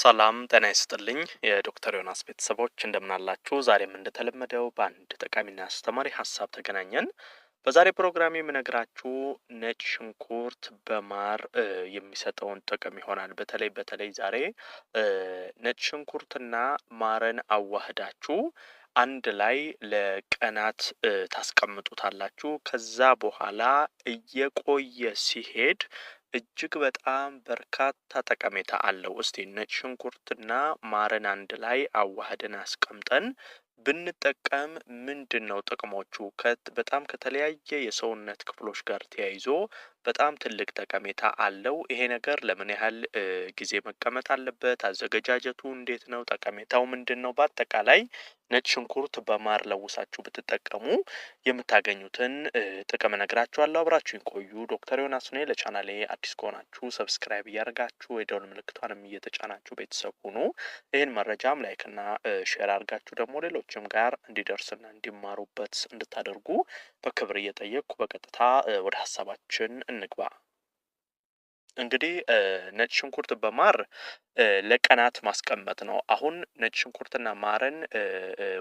ሰላም ጤና ይስጥልኝ የዶክተር ዮናስ ቤተሰቦች እንደምናላችሁ። ዛሬም እንደተለመደው በአንድ ጠቃሚና አስተማሪ ሀሳብ ተገናኘን። በዛሬ ፕሮግራም የምነግራችሁ ነጭ ሽንኩርት በማር የሚሰጠውን ጥቅም ይሆናል። በተለይ በተለይ ዛሬ ነጭ ሽንኩርትና ማርን አዋህዳችሁ አንድ ላይ ለቀናት ታስቀምጡታላችሁ። ከዛ በኋላ እየቆየ ሲሄድ እጅግ በጣም በርካታ ጠቀሜታ አለው። እስቲ ነጭ ሽንኩርትና ማርን አንድ ላይ አዋህደን አስቀምጠን ብንጠቀም ምንድን ነው ጥቅሞቹ? በጣም ከተለያየ የሰውነት ክፍሎች ጋር ተያይዞ በጣም ትልቅ ጠቀሜታ አለው። ይሄ ነገር ለምን ያህል ጊዜ መቀመጥ አለበት? አዘገጃጀቱ እንዴት ነው? ጠቀሜታው ምንድን ነው? በአጠቃላይ ነጭ ሽንኩርት በማር ለውሳችሁ ብትጠቀሙ የምታገኙትን ጥቅም እነግራችኋለሁ። አብራችሁኝ ቆዩ። ዶክተር ዮናስ ነኝ። ለቻናሌ አዲስ ከሆናችሁ ሰብስክራይብ እያደርጋችሁ የደውል ምልክቷንም እየተጫናችሁ ቤተሰብ ሁኑ። ይህን መረጃም ላይክና ሼር አድርጋችሁ ደግሞ ሌሎችም ጋር እንዲደርስና እንዲማሩበት እንድታደርጉ በክብር እየጠየቅኩ በቀጥታ ወደ ሀሳባችን እንግባ። እንግዲህ ነጭ ሽንኩርት በማር ለቀናት ማስቀመጥ ነው። አሁን ነጭ ሽንኩርትና ማርን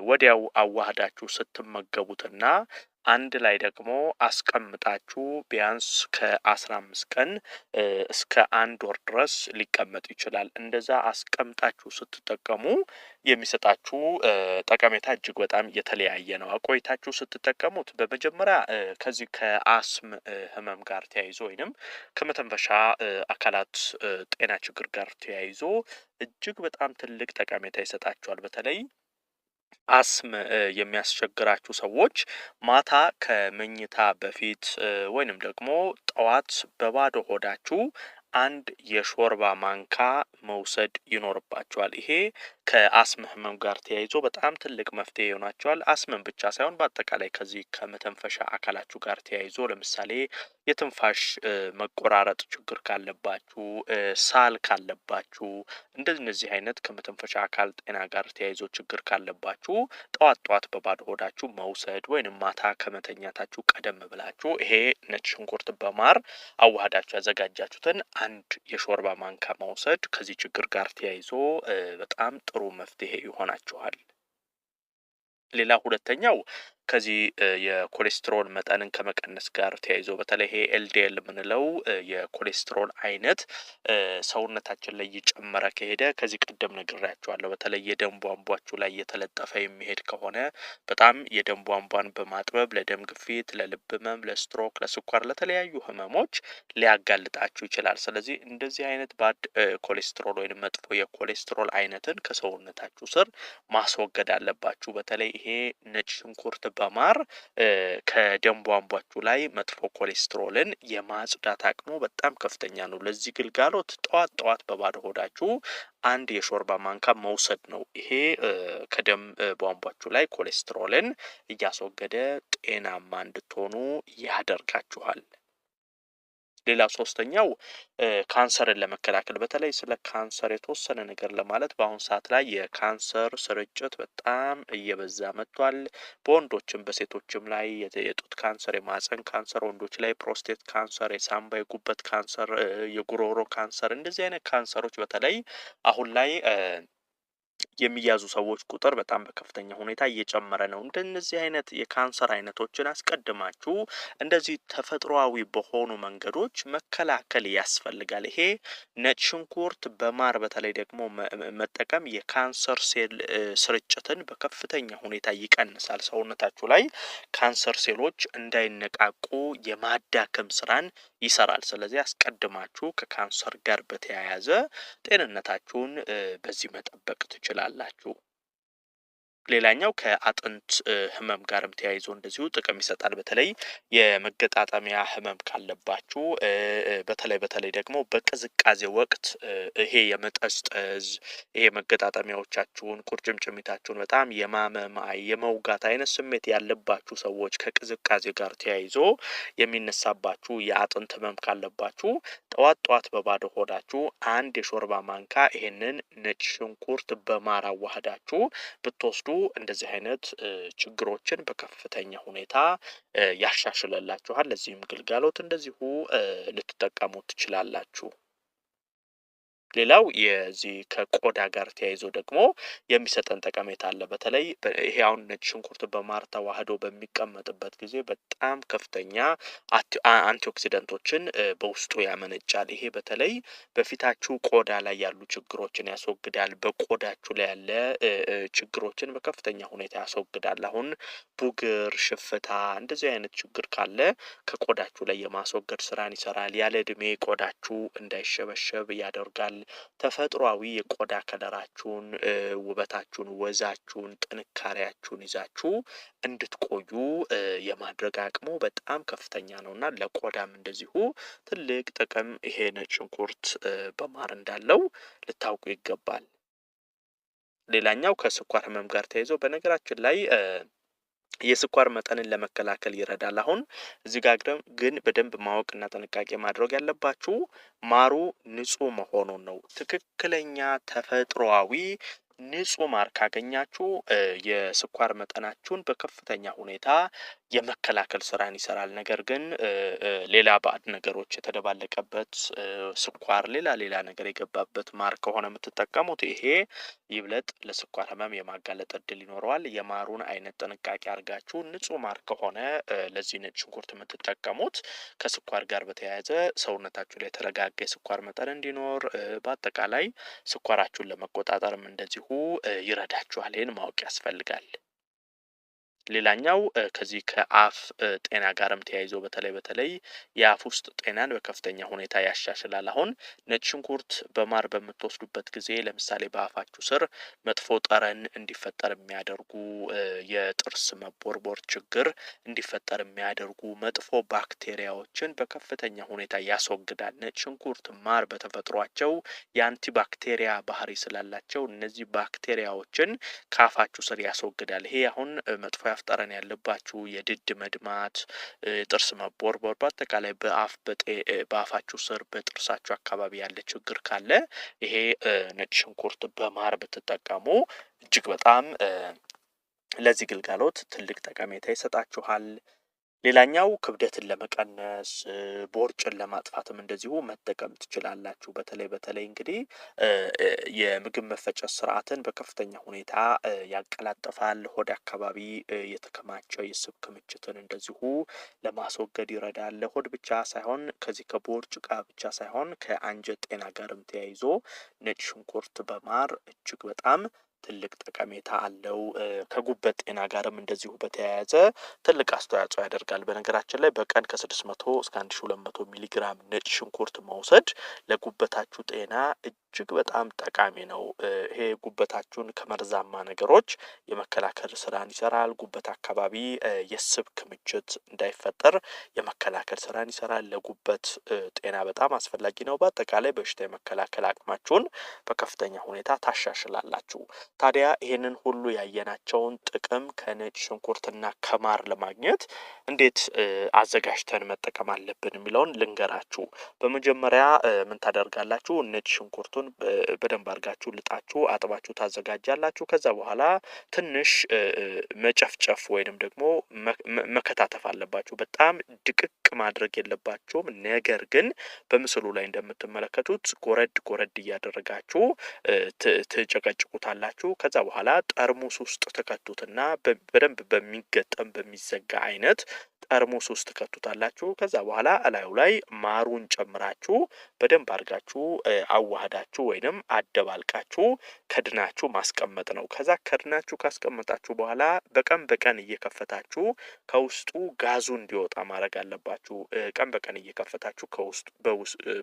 ወዲያው አዋህዳችሁ ስትመገቡትና አንድ ላይ ደግሞ አስቀምጣችሁ ቢያንስ ከአስራ አምስት ቀን እስከ አንድ ወር ድረስ ሊቀመጥ ይችላል። እንደዛ አስቀምጣችሁ ስትጠቀሙ የሚሰጣችሁ ጠቀሜታ እጅግ በጣም የተለያየ ነው። አቆይታችሁ ስትጠቀሙት በመጀመሪያ ከዚህ ከአስም ህመም ጋር ተያይዞ ወይንም ከመተንፈሻ አካላት ጤና ችግር ጋር ተያይዞ እጅግ በጣም ትልቅ ጠቀሜታ ይሰጣችኋል በተለይ አስም የሚያስቸግራችሁ ሰዎች ማታ ከመኝታ በፊት ወይንም ደግሞ ጠዋት በባዶ ሆዳችሁ አንድ የሾርባ ማንካ መውሰድ ይኖርባቸዋል። ይሄ ከአስም ህመም ጋር ተያይዞ በጣም ትልቅ መፍትሄ ይሆናቸዋል። አስምን ብቻ ሳይሆን በአጠቃላይ ከዚህ ከመተንፈሻ አካላችሁ ጋር ተያይዞ ለምሳሌ የትንፋሽ መቆራረጥ ችግር ካለባችሁ፣ ሳል ካለባችሁ፣ እንደዚህ እነዚህ አይነት ከመተንፈሻ አካል ጤና ጋር ተያይዞ ችግር ካለባችሁ ጠዋት ጠዋት በባዶ ሆዳችሁ መውሰድ ወይንም ማታ ከመተኛታችሁ ቀደም ብላችሁ ይሄ ነጭ ሽንኩርት በማር አዋህዳችሁ ያዘጋጃችሁትን አንድ የሾርባ ማንካ መውሰድ ከዚህ ችግር ጋር ተያይዞ በጣም ጥሩ መፍትሄ ይሆናችኋል። ሌላ ሁለተኛው ከዚህ የኮሌስትሮል መጠንን ከመቀነስ ጋር ተያይዞ በተለይ ይሄ ኤልዲኤል የምንለው የኮሌስትሮል አይነት ሰውነታችን ላይ እየጨመረ ከሄደ ከዚህ ቀደም ነግሬያቸዋለሁ። በተለይ የደም ቧንቧችሁ ላይ እየተለጠፈ የሚሄድ ከሆነ በጣም የደም ቧንቧን በማጥበብ ለደም ግፊት፣ ለልብ ህመም፣ ለስትሮክ፣ ለስኳር፣ ለተለያዩ ህመሞች ሊያጋልጣችሁ ይችላል። ስለዚህ እንደዚህ አይነት ባድ ኮሌስትሮል ወይም መጥፎ የኮሌስትሮል አይነትን ከሰውነታችሁ ስር ማስወገድ አለባችሁ። በተለይ ይሄ ነጭ ሽንኩርት በማር ከደም ቧንቧችሁ ላይ መጥፎ ኮሌስትሮልን የማጽዳት አቅሙ በጣም ከፍተኛ ነው። ለዚህ ግልጋሎት ጠዋት ጠዋት በባዶ ሆዳችሁ አንድ የሾርባ ማንካ መውሰድ ነው። ይሄ ከደም ቧንቧችሁ ላይ ኮሌስትሮልን እያስወገደ ጤናማ እንድትሆኑ ያደርጋችኋል። ሌላ ሶስተኛው ካንሰርን ለመከላከል በተለይ ስለ ካንሰር የተወሰነ ነገር ለማለት በአሁን ሰዓት ላይ የካንሰር ስርጭት በጣም እየበዛ መጥቷል። በወንዶችም በሴቶችም ላይ የጡት ካንሰር፣ የማፀን ካንሰር ወንዶች ላይ ፕሮስቴት ካንሰር፣ የሳምባ የጉበት ካንሰር፣ የጉሮሮ ካንሰር እንደዚህ አይነት ካንሰሮች በተለይ አሁን ላይ የሚያዙ ሰዎች ቁጥር በጣም በከፍተኛ ሁኔታ እየጨመረ ነው። እንደነዚህ አይነት የካንሰር አይነቶችን አስቀድማችሁ እንደዚህ ተፈጥሯዊ በሆኑ መንገዶች መከላከል ያስፈልጋል። ይሄ ነጭ ሽንኩርት በማር በተለይ ደግሞ መጠቀም የካንሰር ሴል ስርጭትን በከፍተኛ ሁኔታ ይቀንሳል። ሰውነታችሁ ላይ ካንሰር ሴሎች እንዳይነቃቁ የማዳከም ስራን ይሰራል። ስለዚህ አስቀድማችሁ ከካንሰር ጋር በተያያዘ ጤንነታችሁን በዚህ መጠበቅ ትችላል ትችላላችሁ። ሌላኛው ከአጥንት ህመም ጋርም ተያይዞ እንደዚሁ ጥቅም ይሰጣል። በተለይ የመገጣጠሚያ ህመም ካለባችሁ በተለይ በተለይ ደግሞ በቅዝቃዜ ወቅት ይሄ የመጠዝጠዝ ይሄ መገጣጠሚያዎቻችሁን ቁርጭምጭሚታችሁን በጣም የማመም የመውጋት አይነት ስሜት ያለባችሁ ሰዎች ከቅዝቃዜ ጋር ተያይዞ የሚነሳባችሁ የአጥንት ህመም ካለባችሁ ጠዋት ጠዋት በባዶ ሆዳችሁ አንድ የሾርባ ማንካ ይሄንን ነጭ ሽንኩርት በማር አዋህዳችሁ ብትወስዱ እንደዚህ አይነት ችግሮችን በከፍተኛ ሁኔታ ያሻሽለላችኋል። ለዚህም ግልጋሎት እንደዚሁ ልትጠቀሙ ትችላላችሁ። ሌላው የዚህ ከቆዳ ጋር ተያይዞ ደግሞ የሚሰጠን ጠቀሜታ አለ። በተለይ ይሄ አሁን ነጭ ሽንኩርት በማር ተዋህዶ በሚቀመጥበት ጊዜ በጣም ከፍተኛ አንቲኦክሲደንቶችን በውስጡ ያመነጫል። ይሄ በተለይ በፊታችሁ ቆዳ ላይ ያሉ ችግሮችን ያስወግዳል። በቆዳችሁ ላይ ያለ ችግሮችን በከፍተኛ ሁኔታ ያስወግዳል። አሁን ቡግር፣ ሽፍታ እንደዚህ አይነት ችግር ካለ ከቆዳችሁ ላይ የማስወገድ ስራን ይሰራል። ያለ እድሜ ቆዳችሁ እንዳይሸበሸብ ያደርጋል። ተፈጥሯዊ የቆዳ ከለራችሁን፣ ውበታችሁን፣ ወዛችሁን፣ ጥንካሬያችሁን ይዛችሁ እንድትቆዩ የማድረግ አቅሙ በጣም ከፍተኛ ነው እና ለቆዳም እንደዚሁ ትልቅ ጥቅም ይሄ ነጭ ሽንኩርት በማር እንዳለው ልታውቁ ይገባል። ሌላኛው ከስኳር ህመም ጋር ተያይዞ በነገራችን ላይ የስኳር መጠንን ለመከላከል ይረዳል። አሁን እዚህ ጋር ግን በደንብ ማወቅና ጥንቃቄ ማድረግ ያለባችሁ ማሩ ንጹህ መሆኑን ነው። ትክክለኛ ተፈጥሮዊ ንጹህ ማር ካገኛችሁ የስኳር መጠናችሁን በከፍተኛ ሁኔታ የመከላከል ስራን ይሰራል። ነገር ግን ሌላ ባዕድ ነገሮች የተደባለቀበት ስኳር፣ ሌላ ሌላ ነገር የገባበት ማር ከሆነ የምትጠቀሙት ይሄ ይብለጥ ለስኳር ህመም የማጋለጥ እድል ይኖረዋል። የማሩን አይነት ጥንቃቄ አድርጋችሁ ንጹህ ማር ከሆነ ለዚህ ነጭ ሽንኩርት የምትጠቀሙት ከስኳር ጋር በተያያዘ ሰውነታችሁ ላይ የተረጋጋ የስኳር መጠን እንዲኖር በአጠቃላይ ስኳራችሁን ለመቆጣጠርም እንደዚሁ እንዲሁ ይረዳችኋል። ይህን ማወቅ ያስፈልጋል። ሌላኛው ከዚህ ከአፍ ጤና ጋርም ተያይዞ በተለይ በተለይ የአፍ ውስጥ ጤናን በከፍተኛ ሁኔታ ያሻሽላል። አሁን ነጭ ሽንኩርት በማር በምትወስዱበት ጊዜ ለምሳሌ በአፋችሁ ስር መጥፎ ጠረን እንዲፈጠር የሚያደርጉ የጥርስ መቦርቦር ችግር እንዲፈጠር የሚያደርጉ መጥፎ ባክቴሪያዎችን በከፍተኛ ሁኔታ ያስወግዳል። ነጭ ሽንኩርት፣ ማር በተፈጥሯቸው የአንቲባክቴሪያ ባህሪ ስላላቸው እነዚህ ባክቴሪያዎችን ከአፋችሁ ስር ያስወግዳል። ይሄ አሁን መጥፎ የአፍ ጠረን ያለባችሁ የድድ መድማት፣ የጥርስ መቦርቦር፣ በአጠቃላይ በአፍ በአፋችሁ ስር በጥርሳችሁ አካባቢ ያለ ችግር ካለ ይሄ ነጭ ሽንኩርት በማር ብትጠቀሙ እጅግ በጣም ለዚህ ግልጋሎት ትልቅ ጠቀሜታ ይሰጣችኋል። ሌላኛው ክብደትን ለመቀነስ ቦርጭን ለማጥፋትም እንደዚሁ መጠቀም ትችላላችሁ። በተለይ በተለይ እንግዲህ የምግብ መፈጨት ስርዓትን በከፍተኛ ሁኔታ ያቀላጥፋል። ሆድ አካባቢ የተከማቸ የስብ ክምችትን እንደዚሁ ለማስወገድ ይረዳል። ሆድ ብቻ ሳይሆን ከዚህ ከቦርጭ ጋር ብቻ ሳይሆን ከአንጀት ጤና ጋርም ተያይዞ ነጭ ሽንኩርት በማር እጅግ በጣም ትልቅ ጠቀሜታ አለው። ከጉበት ጤና ጋርም እንደዚሁ በተያያዘ ትልቅ አስተዋጽኦ ያደርጋል። በነገራችን ላይ በቀን ከስድስት መቶ እስከ አንድ ሺ ሁለት መቶ ሚሊግራም ነጭ ሽንኩርት መውሰድ ለጉበታችሁ ጤና እጅግ በጣም ጠቃሚ ነው። ይሄ ጉበታችሁን ከመርዛማ ነገሮች የመከላከል ስራን ይሰራል። ጉበት አካባቢ የስብ ክምችት እንዳይፈጠር የመከላከል ስራን ይሰራል። ለጉበት ጤና በጣም አስፈላጊ ነው። በአጠቃላይ በሽታ የመከላከል አቅማችሁን በከፍተኛ ሁኔታ ታሻሽላላችሁ። ታዲያ ይህንን ሁሉ ያየናቸውን ጥቅም ከነጭ ሽንኩርትና ከማር ለማግኘት እንዴት አዘጋጅተን መጠቀም አለብን የሚለውን ልንገራችሁ። በመጀመሪያ ምን ታደርጋላችሁ? ነጭ ሽንኩርቱን ፓስታውን በደንብ አድርጋችሁ ልጣችሁ አጥባችሁ ታዘጋጃላችሁ። ከዛ በኋላ ትንሽ መጨፍጨፍ ወይንም ደግሞ መከታተፍ አለባችሁ። በጣም ድቅቅ ማድረግ የለባችሁም። ነገር ግን በምስሉ ላይ እንደምትመለከቱት ጎረድ ጎረድ እያደረጋችሁ ትጨቀጭቁታላችሁ። ከዛ በኋላ ጠርሙስ ውስጥ ተከቱትና በደንብ በሚገጠም በሚዘጋ አይነት ጠርሙስ ውስጥ ከቱታላችሁ። ከዛ በኋላ እላዩ ላይ ማሩን ጨምራችሁ በደንብ አድርጋችሁ አዋህዳችሁ ወይንም አደባልቃችሁ ከድናችሁ ማስቀመጥ ነው። ከዛ ከድናችሁ ካስቀመጣችሁ በኋላ በቀን በቀን እየከፈታችሁ ከውስጡ ጋዙ እንዲወጣ ማድረግ አለባችሁ። ቀን በቀን እየከፈታችሁ ከውስጡ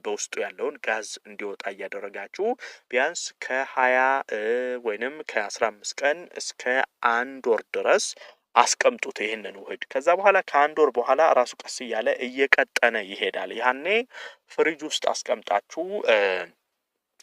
በውስጡ ያለውን ጋዝ እንዲወጣ እያደረጋችሁ ቢያንስ ከሀያ ወይንም ከአስራ አምስት ቀን እስከ አንድ ወር ድረስ አስቀምጡት ይህንን ውህድ። ከዛ በኋላ ከአንድ ወር በኋላ ራሱ ቀስ እያለ እየቀጠነ ይሄዳል። ያኔ ፍሪጅ ውስጥ አስቀምጣችሁ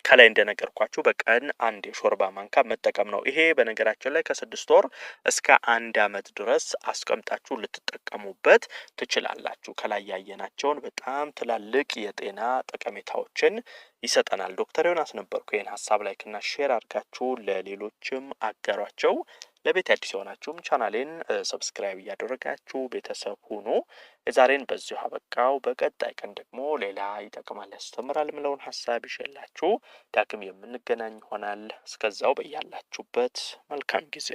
ከላይ እንደነገርኳችሁ በቀን አንድ የሾርባ ማንካ መጠቀም ነው። ይሄ በነገራችን ላይ ከስድስት ወር እስከ አንድ ዓመት ድረስ አስቀምጣችሁ ልትጠቀሙበት ትችላላችሁ። ከላይ ያየናቸውን በጣም ትላልቅ የጤና ጠቀሜታዎችን ይሰጠናል። ዶክተር ዮናስ ነበርኩ። ይህን ሀሳብ ላይክና ሼር አድርጋችሁ ለሌሎችም አጋሯቸው። ለቤት አዲስ የሆናችሁም ቻናሌን ሰብስክራይብ እያደረጋችሁ ቤተሰብ ሁኑ። የዛሬን በዚሁ አበቃው። በቀጣይ ቀን ደግሞ ሌላ ይጠቅማል፣ ያስተምራል ምለውን ሀሳብ ይሸላችሁ ዳግም የምንገናኝ ይሆናል። እስከዛው በያላችሁበት መልካም ጊዜ